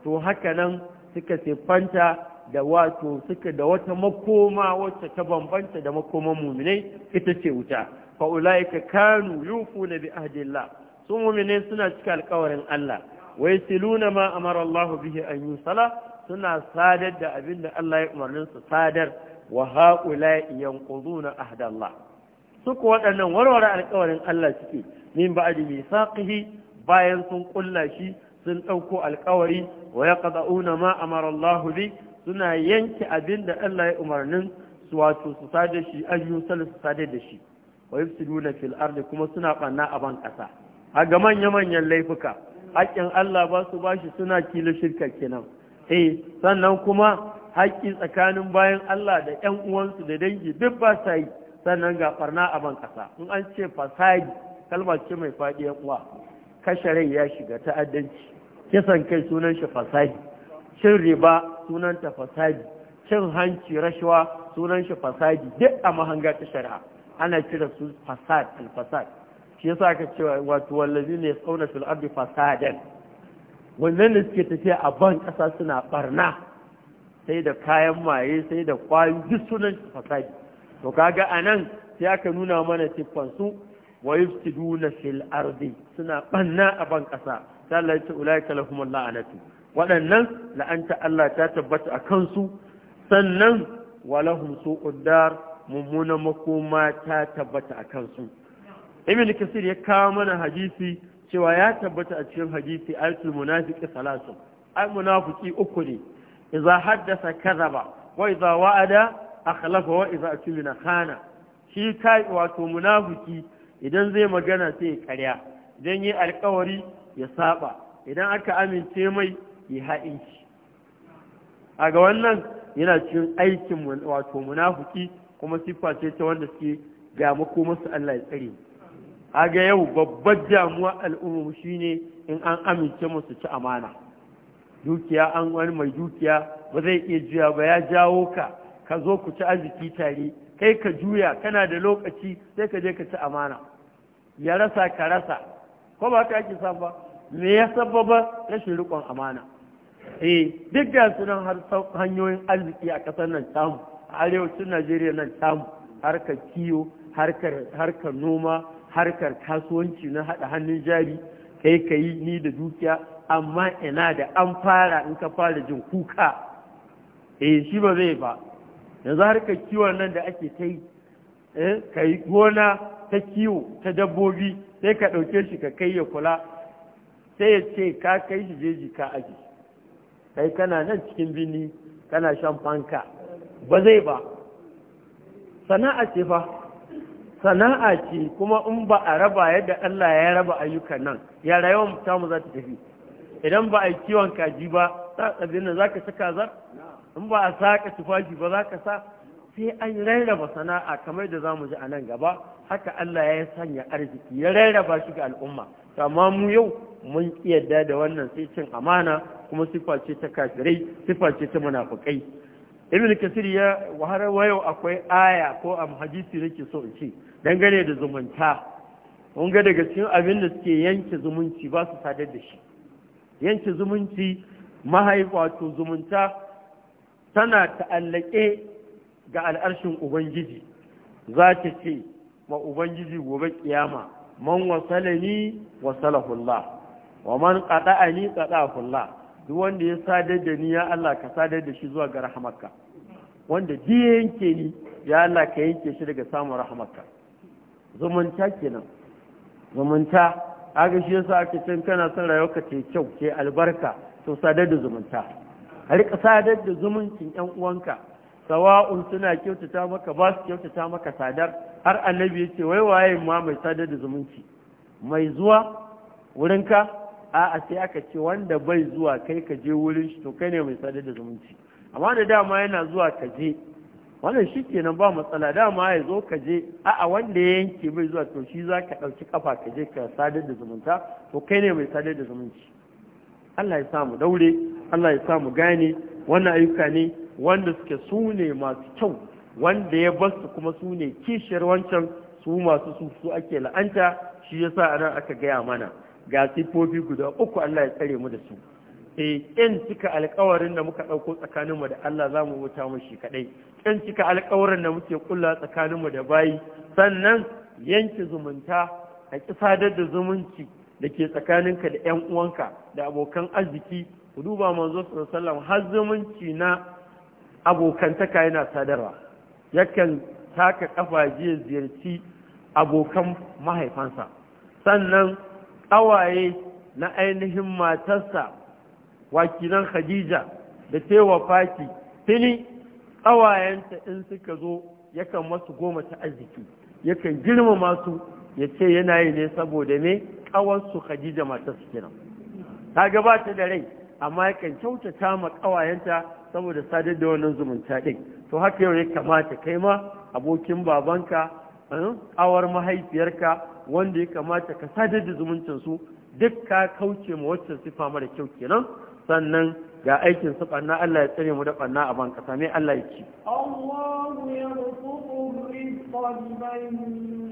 to haka nan suka sifanta da wato suka da wata makoma wacce ta bambanta da makoman mu'minai ita ce wuta fa ulaika kanu yufuna bi ahdillah su mu'minai suna cika alƙawarin Allah wai siluna ma amara Allah bihi an yusala suna sadar da abin da Allah ya umarnin su sadar wa haƙula na ahdallah suka waɗannan warware alƙawarin Allah suke min ba ba'di misaqihi bayan sun ƙulla shi sun ɗauko alƙawari wa yaqda'una ma amara Allah bi suna yanke abin da Allah ya umarnin su wato su sada shi an yusal su sada da shi wa yufsiduna fil ardi kuma suna ɓanna a ban ƙasa a ga manya manyan laifuka haƙƙin Allah ba su bashi suna kila shirka kenan eh sannan kuma haƙƙi tsakanin bayan Allah da ‘yan uwansu da dangi duk ba sa yi sannan ga ɓarna a ban ƙasa in an ce fasadi kalma ce mai faɗi ya uwa kashe rai ya shiga ta'addanci kisan kai sunan shi fasadi cin riba sunan ta fasadi cin hanci rashawa sunan shi fasadi duk a mahanga ta shari'a ana kira su fasad al-fasad shi yasa aka ce wato wallazi ne tsauna fil ardi fasadan wannan da suke tafiya a ban ƙasa suna ɓarna. sai da kayan maye sai da kwayo duk sunan fasadi to kaga anan sai aka nuna mana su wa yuftiduna fil ardi suna banna a ban kasa sallallahu alaihi wa sallam ulaika la'anatu waɗannan la'anta Allah ta tabbata a kansu sannan walahum lahum suqud dar mummuna makoma ta tabbata a kansu ibn kasir ya kawo mana hadisi cewa ya tabbata a cikin hadisi ayatul munafiqi salasu ai munafiqi uku ne Iza haddasa karaba, wa idza wa'ada akhlafa wa idza atumina khana shi kai wato munafiki idan zai magana sai ya karya idan yi alkawari ya saba idan aka amince mai ya shi. a ga wannan yana cikin aikin wato munafiki kuma siffa ce ta wanda suke ga mako masu Allah ya tsare a ga yau babbar damuwa al'ummu shine in an amince musu ci amana dukiya an wani mai dukiya ba zai iya juya ba ya jawo ka ka zo ku ci arziki tare kai ka juya kana da lokaci sai ka je ka ci amana ya rasa ka rasa ko ba ka ake ba me ya sababa rashin riƙon amana eh duk da sunan har hanyoyin arziki a ƙasar nan tamu a arewacin najeriya nan tamu harkar kiyo harkar noma harkar kasuwanci na haɗa hannun jari kai ka yi ni da dukiya amma ina da an fara in ka fara jin kuka eh shi ba zai ba yanzu harkar kiwon nan da ake ta yi eh, ka yi gona ta kiwo ta dabbobi sai ka ɗauke shi ka kai ya kula sai ya ce ka kai shi jeji ka aji kai kana nan cikin bini kana shan fanka ba zai ba sana'a ce fa sana'a ce kuma in ba a raba yadda Allah ya raba ayyukan nan ya rayuwar mu za ta tafi idan ba a yi kiwon kaji ba za a tsabin za ka saka kazar in ba a saka tufafi ba za ka sa sai an rarraba sana'a kamar da za mu ji a nan gaba haka Allah ya sanya arziki ya rarraba shi ga al'umma amma mu yau mun kiyarda da wannan sai cin amana kuma sifa ce ta kafirai sifa ce ta munafukai ibn kasir ya wahara wayo akwai aya ko am hadisi nake so in ce dangane da zumunta Mun ga daga cikin abin da suke yanke zumunci ba su sadar da shi yanke zumunci mahaifato zumunta tana ta'allake ga al'arshin ubangiji za ta ce ma ubangiji gobe kiyama man wasalani wasalahullah wa man qada'ani qada'ahullah duk wanda ya sadar da ni ya Allah ka sadar da shi zuwa ga rahamarka wanda duk yanke ni ya Allah ka yanke shi daga samun rahamarka zumunta kenan zumunta kaga shi yasa ake cin kana son rayuwarka ce kyau ke albarka to sadar da zumunta rika sadar da zumuncin yan uwanka sawa'un suna kyautata maka ba su kyautata maka sadar har annabi ya ce wai waye ma mai sadar da zumunci mai zuwa wurinka a'a sai aka ce wanda bai zuwa kai ka je wurin shi to kai ne mai sadar da zumunci amma da dama yana zuwa ka je wannan shi kenan ba matsala dama ya zo ka je a'a wanda ya yanke mai zuwa to shi za ka ɗauki kafa ka je ka sadar da zumunta to kai ne mai sadar da zumunci Allah ya samu daure Allah ya samu gane wannan ayyuka ne wanda suke su masu kyau wanda ya basu kuma sune kishiyar wancan su masu su su ake la'anta shi yasa anan aka gaya mana ga sifofi guda uku Allah ya tsare mu da su eh ƙin cika alƙawarin da muka ɗauko tsakaninmu da Allah za mu wuta shi kaɗai ƙin cika alƙawarin da muke ƙulla tsakaninmu da bayi sannan yanke zumunta a ƙi da zumunci da ke tsakaninka da ‘yan uwanka da abokan arziki ku duba manzo sallam. har zumunci na abokantaka yana sadarwa yakan taka ƙafa jiya ziyarci abokan mahaifansa sannan ƙawaye na ainihin matarsa wakilan khadija da tewa faki tuni ƙawayenta in suka zo yakan masu goma ta arziki yakan girmama su ya ce yana yi ne saboda me ƙawarsu khadija mata su kenan ta gabata da rai amma yakan kyautata ma ƙawayenta saboda sadar da wannan zumunta ɗin to haka yau ya kamata kai ma abokin babanka eh, ƙawar mahaifiyarka wanda ya kamata ka sadar da zumuncinsu duk ka kauce ma waccan sifa mara kyau kenan sannan ga aikin su ƙanna, Allah ya tsare mu da ƙanna a banka, kasa Allah ya ci Allahu yarzuqu rizqan man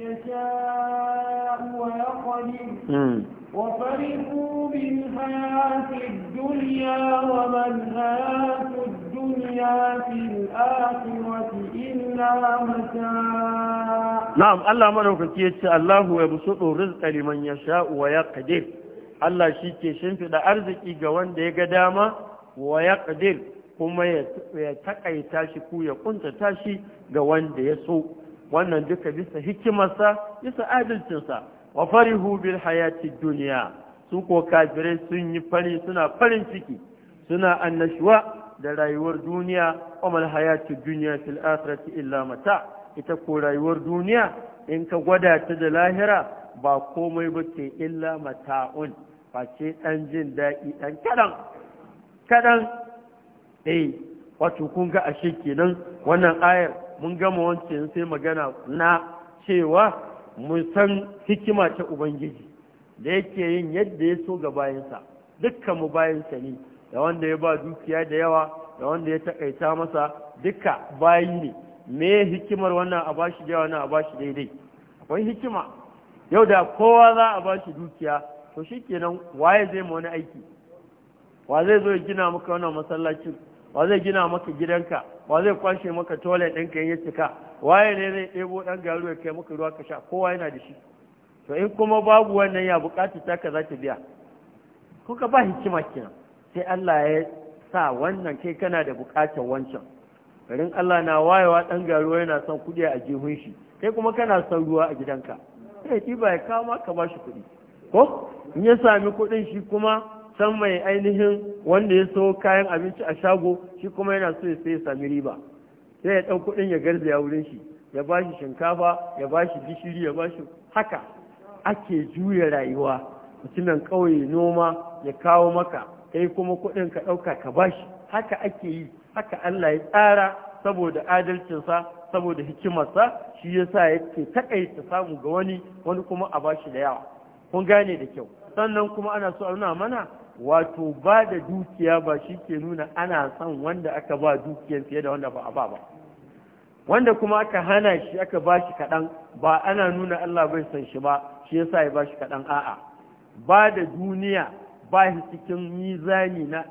yasha'u wa yaqdir وفرحوا بالحياة الدنيا وما الحياة الدنيا في الآخرة إلا متاع نعم الله ملوك كيتش الله يبسط الرزق لمن يشاء ويقدر Allah shi ke shimfiɗa arziki ga wanda ya ga dama wa ya ƙadir kuma ya taƙaita shi ku ya ƙuntata shi ga wanda ya so wannan duka bisa hikimarsa bisa adalcinsa wa farihu bil hayati duniya su ko kafirai sun yi fari suna farin ciki suna annashuwa da rayuwar duniya wa mal hayati duniya fil akhirati illa mata ita ko rayuwar duniya in ka gwada ta da lahira ba komai ba ce illa mata'un face ɗan jin daɗi ɗan kaɗan kaɗan eh wato kun ga ashe kenan wannan ayar mun gama wancan sai magana na cewa mun san hikima ta ubangiji da yake yin yadda ya so ga bayansa dukkan mu bayansa ne da wanda ya ba dukiya da yawa da wanda ya taƙaita masa duka bayi ne me hikimar wannan a bashi da yawa na a bashi daidai akwai hikima yau da kowa za a bashi dukiya to shi kenan waye zai ma wani aiki wa zai zo gina maka wannan masallacin wa zai gina maka gidanka wa zai kwashe maka toilet ɗinka ya cika waye ne zai ɗebo ɗan garu ya kai maka ruwa ka sha kowa yana da shi to in kuma babu wannan ya bukata ta za ta biya kuka ba hikima kenan sai Allah ya sa wannan kai kana da buƙatar wancan garin Allah na wayewa ɗan garu yana son kuɗi a jihun shi kai kuma kana son ruwa a gidanka sai ba ya kama ka ba shi kuɗi ko in ya sami kuɗin shi kuma san mai ainihin wanda ya so kayan abinci a shago shi kuma yana so ya sai ya sami riba sai ya ɗau kuɗin ya garzaya wurin shi ya ba shi shinkafa ya ba shi gishiri ya ba shi haka ake juya rayuwa mutumin ƙauye noma ya kawo maka kai kuma kuɗin ka ɗauka ka ba shi haka ake yi haka Allah ya tsara saboda adalcinsa saboda hikimarsa shi yasa yake takaita samu ga wani wani kuma a ba shi da yawa kun gane da kyau sannan kuma ana so a nuna mana wato ba da dukiya ba shi ke nuna ana son wanda aka ba dukiyar fiye da wanda ba a ba ba wanda kuma aka hana shi aka ba shi kaɗan ba ana nuna Allah bai san shi ba shi ya sa ya ba shi kaɗan a'a ba da duniya ba shi cikin mizani na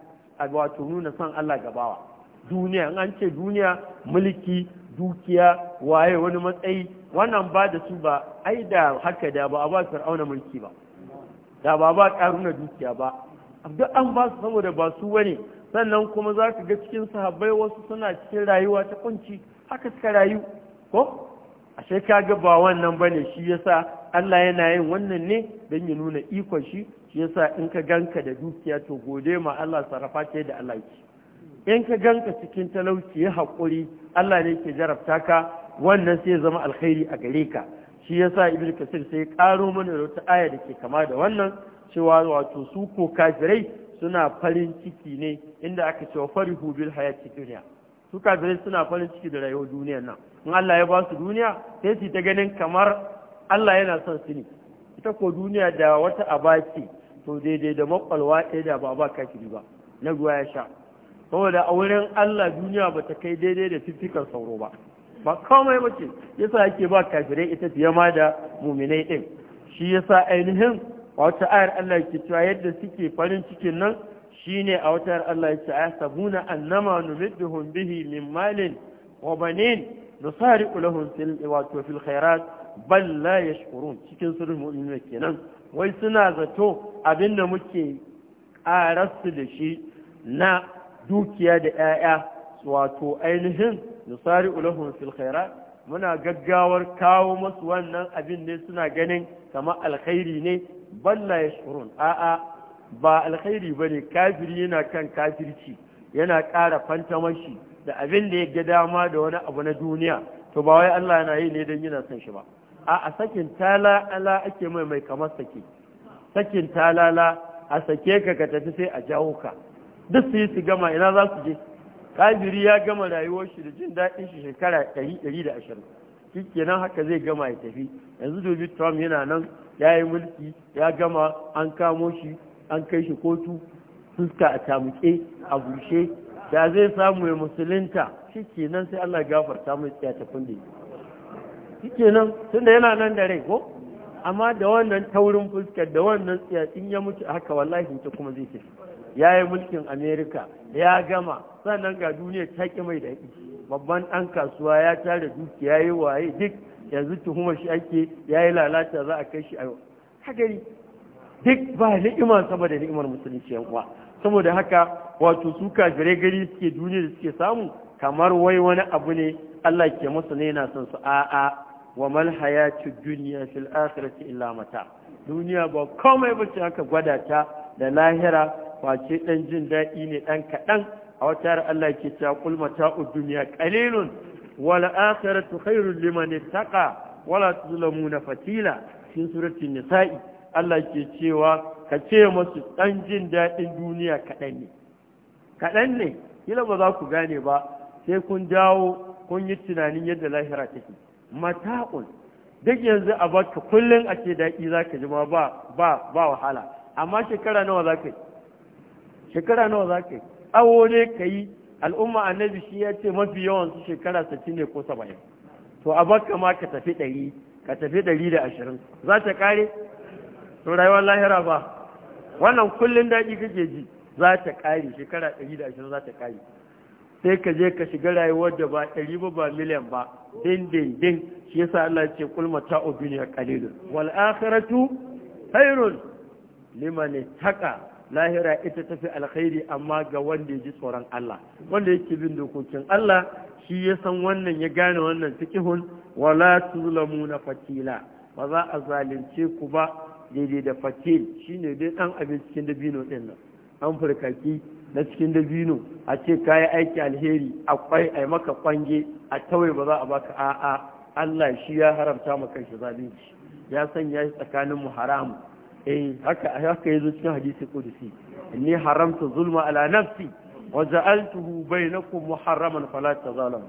wato nuna son Allah gabawa duniya in an ce duniya mulki dukiya waye wani matsayi wannan ba da su ba ai da haka da ba a ba fir'auna mulki ba da ba ba karuna dukiya ba duk an ba su saboda ba su wani sannan kuma za ka ga cikin sahabbai wasu suna cikin rayuwa ta kunci haka suka rayu ko ashe ka ga ba wannan bane shi yasa Allah yana yin wannan ne don ya nuna ikon shi shi yasa in ka ganka da dukiya to gode ma Allah sarrafa ce da Allah ki in ka ganka cikin talauci ya haƙuri Allah ne ke jarabta ka wannan sai zama alkhairi a gare ka shi yasa ibnu kasir sai karo mana da wata aya da ke kama da wannan cewa wato su ko kafirai suna farin ciki ne inda aka ce wa farihu bil hayati dunya su kafirai suna farin ciki da rayuwar duniyar nan in Allah ya ba su duniya sai su ta ganin kamar Allah yana son su ne ita ko duniya da wata aba to daidai da makwalwa ɗaya da ba ba kafiri ba na ruwa ya sha saboda a wurin Allah duniya ba ta kai daidai da fifikar sauro ba ba komai ba ce yasa yake ba kafirai ita fiye ma da muminai ɗin shi yasa ainihin a wata ayar Allah ke cewa yadda suke farin cikin nan shine a wata ayar Allah ya ce a sabuna annama numidduhum bihi min malin wa banin nusariqu lahum fil wato fil khairat bal la yashkurun cikin surul mu'minun kenan wai suna zato abinda muke ƙararsu da shi na dukiya da 'ya'ya wato ainihin nusari ulahun fil khairat muna gaggawar kawo masu wannan abin ne suna ganin kama alkhairi ne balla ya shurun a'a ba alkhairi ba ne kafiri yana kan kafirci yana ƙara fantamashi da abin da ya ga dama da wani abu na duniya to ba wai Allah yana yi ne don yana son shi ba a a sakin ala ake mai mai kamar sake sakin talala a sake ka ka tafi sai a jawo ka duk su yi su gama ina za su je kajiri ya gama rayuwar shi da jin daɗin shi shekara ɗari ɗari da ashirin shi haka zai gama ya tafi yanzu dobi trump yana nan ya yi mulki ya gama an kamo shi an kai shi kotu fuska a tamuke a bushe da zai samu ya musulunta shi sai allah gafarta mai tsaya ta da tunda yana nan da rai ko amma da wannan taurin fuskar da wannan tsaya in ya mutu haka wallahi ta kuma zai tafi ya yi mulkin amerika ya gama sannan ga duniya ta ƙi mai da daɗi babban ɗan kasuwa ya tare dukiya ya yi waye duk yanzu tuhumar shi ake ya yi lalata za a kai shi a hagari duk ba ni'ima sama da ni'imar musulunci yan uwa saboda haka wato su kafirai gari suke duniya da suke samu kamar wai wani abu ne Allah ke masa ne yana son su a'a wa mal hayatu dunya fil akhirati illa mata duniya ba komai bace aka gwada ta da lahira face ɗan jin daɗi ne ɗan kaɗan a wata yar Allah ke cewa kul mata'ud dunya qalilun wal akhiratu khairul liman ittaqa wala tuzlamuna fatila cikin suratul nisa'i Allah ke cewa ka ce masu ɗan jin daɗin duniya kaɗan ne kaɗan ne kila ba za ku gane ba sai kun dawo kun yi tunanin yadda lahira take mata'un duk yanzu a baka kullum a ce daɗi za ka ji ma ba ba wahala amma shekara nawa za ka yi shekara nawa za ka yi awo ne ka yi al'umma annabi shi ya ce mafi yawan su shekara sittin ne ko saba'in to a baka ma ka tafi ɗari ka tafi ɗari da ashirin za ta kare to rayuwar lahira ba wannan kullum daɗi kake ji za ta kare shekara ɗari da ashirin za ta kare sai ka je ka shiga rayuwar da ba ɗari ba ba miliyan ba din din din shi yasa Allah ce kulma ta'u duniya qalilun wal akhiratu khairun liman lahira ita ta fi alkhairi amma ga wanda ya ji tsoron Allah wanda yake bin dokokin Allah shi ya san wannan ya gane wannan fikihun wala na fatila ba za a zalunce ku ba daidai da fatil shine dai dan abin cikin dabino din nan an furkaki na cikin dabino a ce kayi aiki alheri akwai ai maka kwange a tawai ba za a baka a'a Allah shi ya haramta maka shi zalunci ya sanya shi tsakanin mu haramu eh haka haka yazo cikin hadisi kudusi inni haramta zulma ala nafsi wa ja'altuhu bainakum muharraman fala tazalamu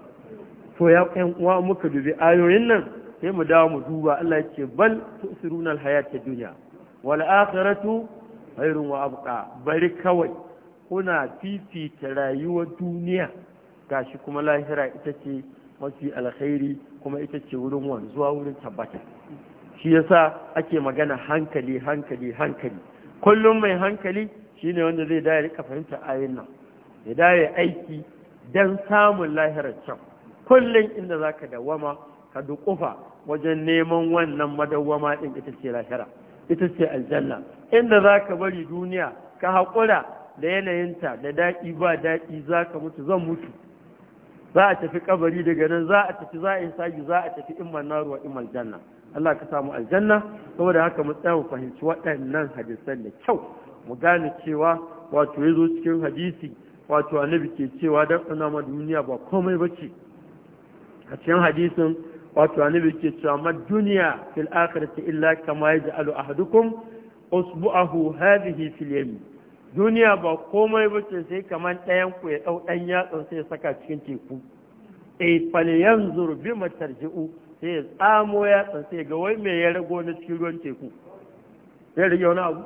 to ya kan uwa muka dubi ayoyin nan sai mu dawo mu duba Allah yake bal tusiruna alhayata dunya wal akhiratu khairun wa abqa bari kawai kuna fifita rayuwar duniya gashi kuma lahira ita ce mafi alkhairi kuma ita ce wurin wanzuwa wurin tabbata shi yasa ake magana hankali hankali hankali kullum mai hankali shine wanda zai da rika fahimta ayin nan ya da aiki dan samun lahirar can kullum inda zaka dawama ka duƙufa wajen neman wannan madawwama din ita ce lahira ita ce aljanna inda zaka bari duniya ka haƙura da yanayinta da daɗi ba daɗi ka mutu zan mutu za a tafi kabari daga nan za a tafi za a yi sagi za a tafi imman naruwa imman janna Allah ka samu aljanna saboda haka mu tsaya fahimci waɗannan hadisan da kyau mu gane cewa wato ya cikin hadisi wato annabi ke cewa dan ana ma duniya ba komai bace a cikin hadisin wato annabi ke cewa ma duniya fil akhirati illa kama yaj'alu ahadukum usbu'ahu hadhihi fil yamin duniya ba komai bace sai kaman ɗayan ku ya dau dan yatsan sai saka cikin teku e fal yanzur bima tarji'u sai ya tsamo ya tsansa ga wai mai ya rago na cikin ruwan teku ya rage wani abu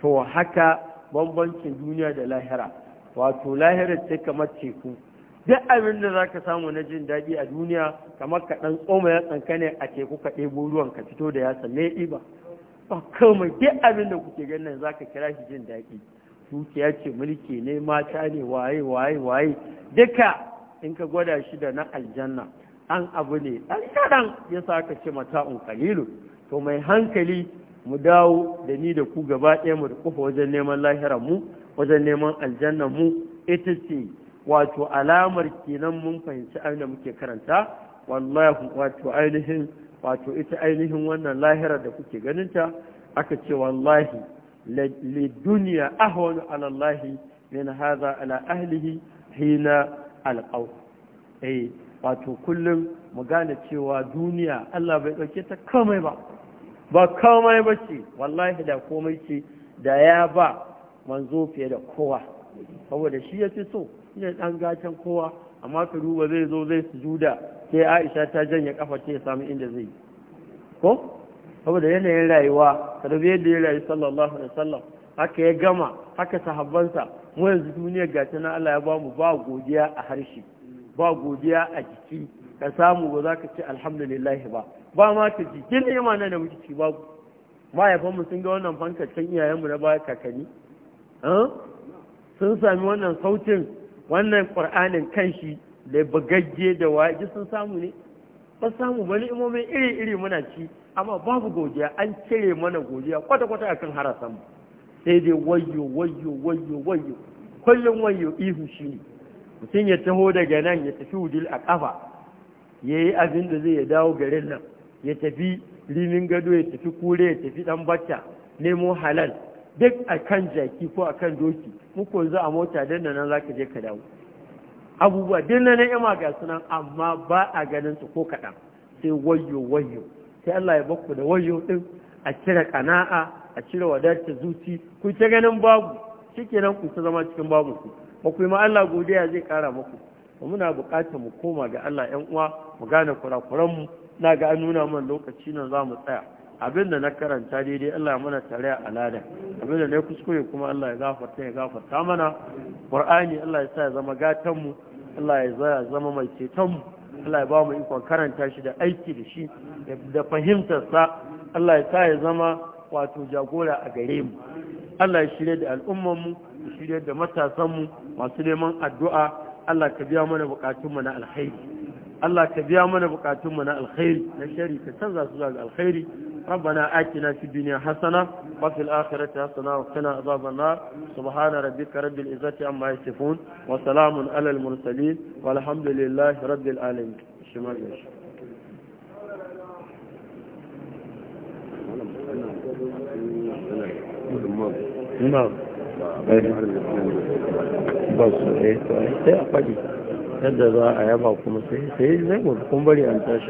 to haka bambancin duniya da lahira wato lahira ce kamar teku duk abin da za ka samu na jin daɗi a duniya kamar ka ɗan tsoma ya tsanka a teku ka ɗebo ruwan ka fito da yasa me iba? ba kawai duk abin da kuke ganin za ka kira shi jin daɗi dukiya ce mulki ne mata ne waye waye waye duka in ka gwada shi da na aljanna An abu ne ɗan kaɗan ya sa ka ce un kalilu to mai hankali mu dawo da ni da ku gaba ɗaya mu da kufa wajen neman lahiran mu wajen neman aljannan mu ita ce wato alamar kenan mun fahimci abin da muke karanta wallahi wato ainihin ita ainihin wannan lahirar da kuke ganinta aka ce wallahi liduniya ahwanu ala Allah min hadha ala ahlihi hina alqaw eh wato kullum mu gane cewa duniya Allah bai ɗauke ta kamai ba ba kamai ba ce wallahi da komai ce da ya ba manzo fiye da kowa saboda shi ya fi so ne ɗan gacen kowa amma ka duba zai zo zai sujuda sai aisha ta janye kafa ta ya samu inda zai yi ko saboda yanayin rayuwa kada dubi yadda ya rayu sallallahu alaihi wasallam haka ya gama haka sahabbansa mu yanzu duniyar gata na Allah ya ba mu ba godiya a harshe ba godiya a jiki ka samu ba za ka ce alhamdulillah ba ba ma ka jikin nema na da muke babu mu sun ga wannan fankacin iyayenmu na baya kakanni sun sami wannan sautin wannan ƙwar'anin kanshi da bagagge da waje sun samu ne ba samu ba ni'imomin iri-iri muna ci amma babu godiya an cire mana godiya kwata-kwata a kan harasan sai dai wayo wayo wayo wayo kullum wayo ihu shi ne mutum ya taho daga nan ya tafi wudil a ƙafa ya yi abin da zai dawo garin nan ya tafi rimin gado ya tafi kure ya tafi ɗan bacca nemo halal duk a kan jaki ko a kan doki muku za a mota don nan za ka je ka dawo abubuwa nan ya ma ga sunan amma ba a ganin su ko kaɗan sai wayo wayo sai Allah ya baku da wayo ɗin a cire kana'a a cire wadatar zuci ku ta ganin babu shikenan ku ta zama cikin babu ku ba ku ma Allah godiya zai kara muku muna bukatar mu koma ga Allah ƴan uwa mu gane kurakuran mu na ga an nuna mana lokaci nan zamu tsaya abinda na karanta daidai Allah ya mana tare a lada abinda na kuskure kuma Allah ya gafarta ya gafarta mana Qur'ani Allah ya sa ya zama gatan mu Allah ya zama mai ceton mu Allah ya ba mu ikon karanta shi da aiki da shi da fahimtarsa Allah ya sa ya zama wato jagora a gare mu Allah ya shirya da al'ummar mu ya da matasan mu masu neman addu'a Allah ka biya mana bukatunmu na alkhairi Allah ka biya mana bukatunmu na alkhairi na shari ka canza su zuwa ga alkhairi ربنا na في الدنيا حسنة وفي الآخرة حسنة وقنا عذاب النار سبحان ربك رب العزة عما يصفون وسلام على المرسلين والحمد لله رب العالمين شمال ba su eh, sai a faɗi yadda za a yaba kuma sai sai zai kuma bari an tashi